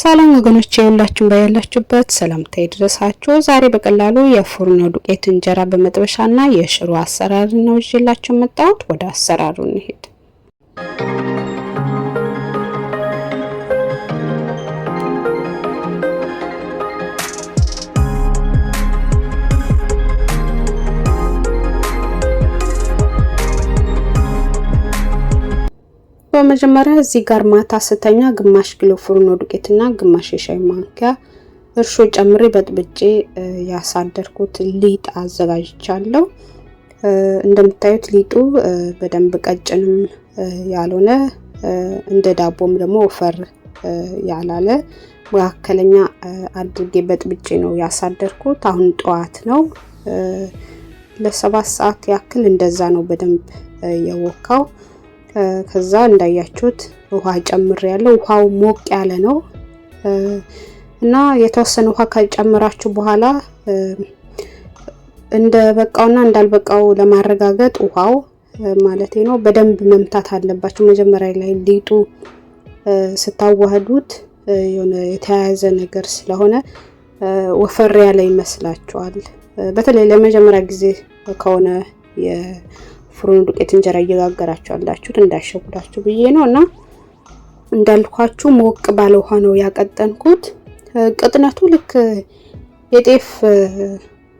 ሰላም ወገኖቼ ሁላችሁም በያላችሁበት ሰላምታ ይድረሳችሁ። ዛሬ በቀላሉ የፉርኖ ዱቄት እንጀራ በመጥበሻና የሽሮ አሰራር ነው ይዤላችሁ መጣሁት። ወደ አሰራሩ እንሄድ። መጀመሪያ እዚህ ጋር ማታ ስተኛ ግማሽ ኪሎ ፍርኖ ዱቄት ዱቄትና ግማሽ የሻይ ማንኪያ እርሾ ጨምሬ በጥብጬ ያሳደርኩት ሊጥ አዘጋጅቻለሁ። እንደምታዩት ሊጡ በደንብ ቀጭንም ያልሆነ እንደ ዳቦም ደግሞ ወፈር ያላለ መካከለኛ አድርጌ በጥብጬ ነው ያሳደርኩት። አሁን ጠዋት ነው፣ ለሰባት ሰዓት ያክል እንደዛ ነው በደንብ የወካው። ከዛ እንዳያችሁት ውሃ ጨምር ያለው ውሃው ሞቅ ያለ ነው እና የተወሰነ ውሃ ከጨምራችሁ በኋላ እንደ በቃውና እንዳልበቃው ለማረጋገጥ ውሃው ማለት ነው በደንብ መምታት አለባችሁ። መጀመሪያ ላይ ሊጡ ስታዋህዱት የሆነ የተያያዘ ነገር ስለሆነ ወፈር ያለ ይመስላችኋል። በተለይ ለመጀመሪያ ጊዜ ከሆነ ፍሩን ዱቄት እንጀራ እየጋገራችሁ አላችሁት እንዳሸጉዳችሁ ብዬ ነው እና እንዳልኳችሁ ሞቅ ባለ ውሃ ነው ያቀጠንኩት። ቅጥነቱ ልክ የጤፍ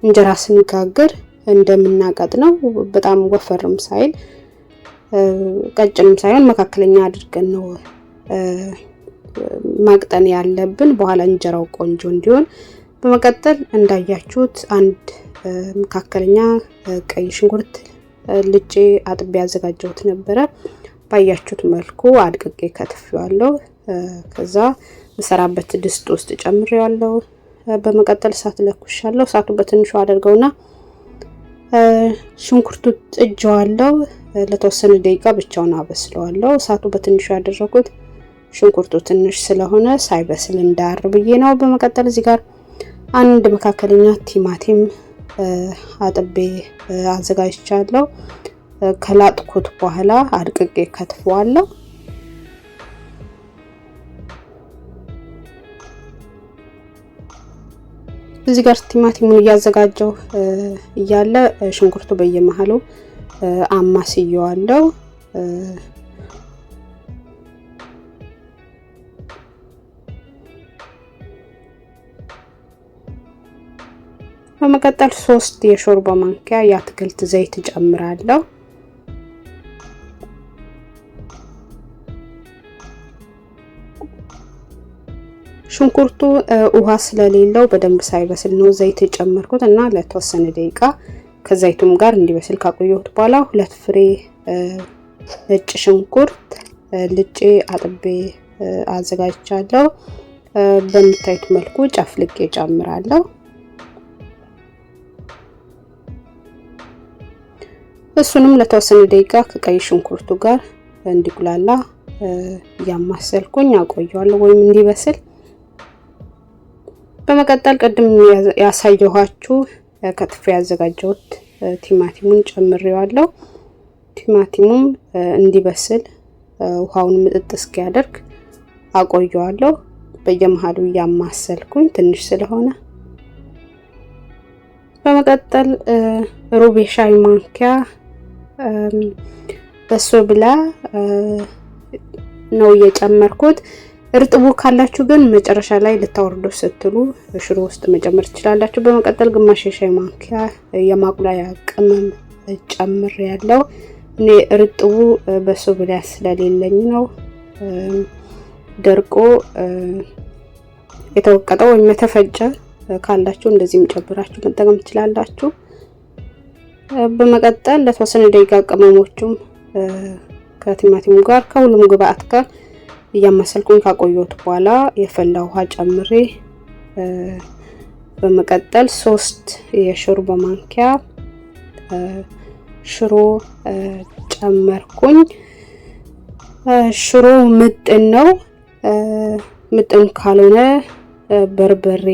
እንጀራ ስንጋግር እንደምናቀጥ ነው በጣም ወፈርም ሳይል ቀጭንም ሳይሆን መካከለኛ አድርገን ነው ማቅጠን ያለብን፣ በኋላ እንጀራው ቆንጆ እንዲሆን። በመቀጠል እንዳያችሁት አንድ መካከለኛ ቀይ ሽንኩርት ልጬ አጥቤ ያዘጋጀሁት ነበረ። ባያችሁት መልኩ አድቅቄ ከትፌዋለሁ። ከዛ ምሰራበት ድስት ውስጥ ጨምሬዋለሁ። በመቀጠል እሳት ለኩሻለሁ። እሳቱ በትንሹ አደርገውና ሽንኩርቱ ጥጄዋለሁ። ለተወሰነ ደቂቃ ብቻውን አበስለዋለሁ። እሳቱ በትንሹ ያደረኩት ሽንኩርቱ ትንሽ ስለሆነ ሳይበስል እንዳር ብዬ ነው። በመቀጠል እዚህ ጋር አንድ መካከለኛ ቲማቲም አጥቤ አዘጋጅቻለሁ። ከላጥኩት በኋላ አድቅቄ ከትፈዋለሁ። እዚህ ጋር ቲማቲሙን እያዘጋጀው እያለ ሽንኩርቱ በየመሃሉ አማስየዋለሁ። በመቀጠል ሶስት የሾርባ ማንኪያ የአትክልት ዘይት ጨምራለሁ። ሽንኩርቱ ውሃ ስለሌለው በደንብ ሳይበስል ነው ዘይት የጨመርኩት እና ለተወሰነ ደቂቃ ከዘይቱም ጋር እንዲበስል ካቆየሁት በኋላ ሁለት ፍሬ ነጭ ሽንኩርት ልጬ አጥቤ አዘጋጅቻለሁ። በምታዩት መልኩ ጨፍልቄ ጨምራለሁ። እሱንም ለተወሰነ ደቂቃ ከቀይ ሽንኩርቱ ጋር እንዲጉላላ እያማሰልኩኝ አቆየዋለሁ ወይም እንዲበስል። በመቀጠል ቅድም ያሳየኋችሁ ከትፌ ያዘጋጀሁት ቲማቲሙን ጨምሬዋለሁ። ቲማቲሙም እንዲበስል ውሃውን ምጥጥ እስኪያደርግ አቆየዋለሁ። በየመሃሉ እያማሰልኩኝ ትንሽ ስለሆነ በመቀጠል ሩብ የሻይ ማንኪያ በሶ ብላ ነው እየጨመርኩት። እርጥቡ ካላችሁ ግን መጨረሻ ላይ ልታወርዶ ስትሉ ሽሮ ውስጥ መጨመር ትችላላችሁ። በመቀጠል ግማሽ የሻይ ማንኪያ የማቁላያ ቅመም ጨምር ያለው እኔ እርጥቡ በሶ ብላ ስለሌለኝ ነው ደርቆ የተወቀጠው ወይም የተፈጨ ካላችሁ እንደዚህም ጨምራችሁ መጠቀም ትችላላችሁ። በመቀጠል ለተወሰነ ደቂቃ ቅመሞቹም ከቲማቲሙ ጋር ከሁሉም ግብአት ጋር እያመሰልኩኝ ካቆየሁት በኋላ የፈላ ውሃ ጨምሬ በመቀጠል ሶስት የሾርባ ማንኪያ ሽሮ ጨመርኩኝ። ሽሮ ምጥን ነው። ምጥን ካልሆነ በርበሬ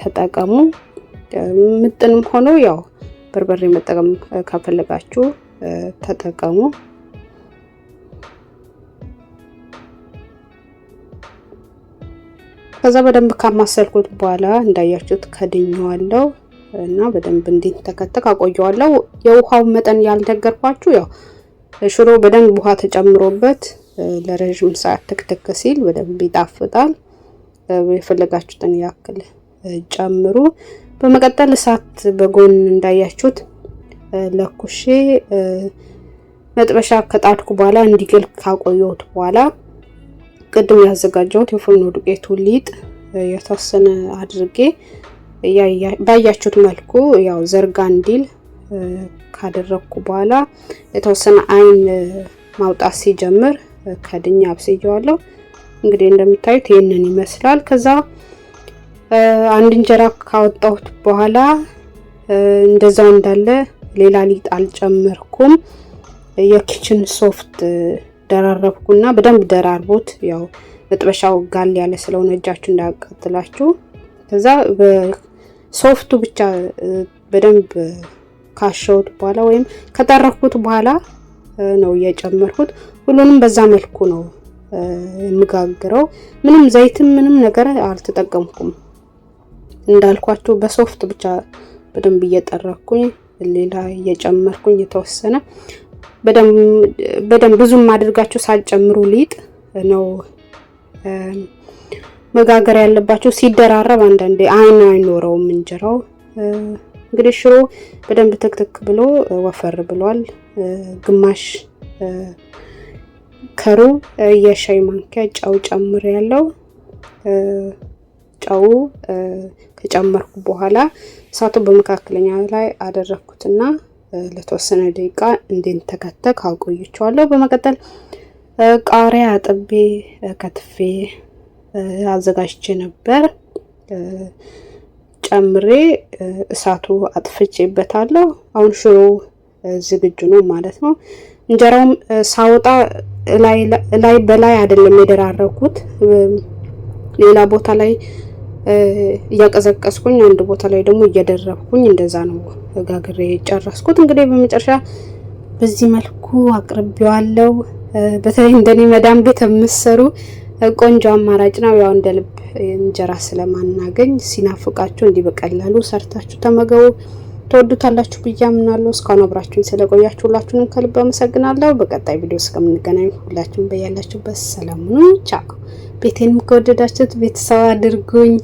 ተጠቀሙ። ምጥንም ሆኖ ያው በርበሬ መጠቀም ከፈለጋችሁ ተጠቀሙ። ከዛ በደንብ ካማሰልኩት በኋላ እንዳያችሁት ከድኜዋለሁ እና በደንብ እንዲንተከተክ አቆየዋለሁ። የውሃውን መጠን ያልነገርኳችሁ ያው ሽሮ በደንብ ውሃ ተጨምሮበት ለረዥም ሰዓት ትክትክ ሲል በደንብ ይጣፍጣል። የፈለጋችሁትን ያክል ጨምሩ። በመቀጠል እሳት በጎን እንዳያችሁት ለኩሼ መጥበሻ ከጣድኩ በኋላ እንዲገል ካቆየሁት በኋላ ቅድም ያዘጋጀሁት የፎርኖ ዱቄቱ ሊጥ የተወሰነ አድርጌ ባያችሁት መልኩ ያው ዘርጋ እንዲል ካደረግኩ በኋላ የተወሰነ አይን ማውጣት ሲጀምር ከድኛ አብስየዋለሁ። እንግዲህ እንደምታዩት ይህንን ይመስላል። ከዛ አንድ እንጀራ ካወጣሁት በኋላ እንደዛው እንዳለ ሌላ ሊጥ አልጨመርኩም። የኪችን ሶፍት ደራረብኩና በደንብ ደራርቦት ያው መጥበሻው ጋል ያለ ስለሆነ እጃችሁ እንዳያቃጥላችሁ። ከዛ በሶፍቱ ብቻ በደንብ ካሸሁት በኋላ ወይም ከጠረኩት በኋላ ነው እየጨመርኩት። ሁሉንም በዛ መልኩ ነው የምጋግረው። ምንም ዘይትም ምንም ነገር አልተጠቀምኩም። እንዳልኳችሁ በሶፍት ብቻ በደንብ እየጠረኩኝ ሌላ እየጨመርኩኝ የተወሰነ በደንብ ብዙም አድርጋችሁ ሳልጨምሩ ሊጥ ነው መጋገር ያለባችሁ። ሲደራረብ አንዳንዴ አይን አይኖረውም እንጀራው። እንግዲህ ሽሮ በደንብ ትክትክ ብሎ ወፈር ብሏል። ግማሽ ከሩ የሻይ ማንኪያ ጨው ጨምር ያለው ጨው ከጨመርኩ በኋላ እሳቱ በመካከለኛ ላይ አደረግኩትና ለተወሰነ ደቂቃ እንዲንተከተክ አቆየችዋለሁ። በመቀጠል ቃሪያ አጥቤ ከትፌ አዘጋጅቼ ነበር ጨምሬ እሳቱ አጥፍቼበታለሁ። አሁን ሽሮ ዝግጁ ነው ማለት ነው። እንጀራውም ሳወጣ ላይ በላይ አይደለም የደራረኩት ሌላ ቦታ ላይ እያቀዘቀስኩኝ አንድ ቦታ ላይ ደግሞ እየደረብኩኝ እንደዛ ነው ጋግሬ ጨረስኩት። እንግዲህ በመጨረሻ በዚህ መልኩ አቅርቤዋለሁ። በተለይ እንደኔ መዳም ቤት የምትሰሩ ቆንጆ አማራጭ ነው። ያው እንደ ልብ እንጀራ ስለማናገኝ ሲናፍቃችሁ እንዲህ በቀላሉ ሰርታችሁ ተመገቡ። ተወዱታላችሁ ብዬ አምናለሁ። እስካሁን አብራችሁኝ ስለቆያችሁ ሁላችሁንም ከልብ አመሰግናለሁ። በቀጣይ ቪዲዮ እስከምንገናኝ ሁላችሁም በያላችሁበት ሰላም ቻው ቤቴንም ከወደዳችሁት ቤተሰብ አድርጉኝ።